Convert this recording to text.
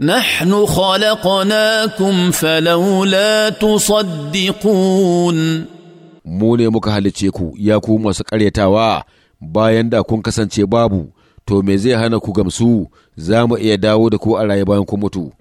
نحن خلقناكم فلولا تصدقون mu ne muka halicce ku ya ku masu ƙaryatawa bayan da kun kasance babu to me zai hana ku gamsu za mu iya dawo da ku a raye bayan ku mutu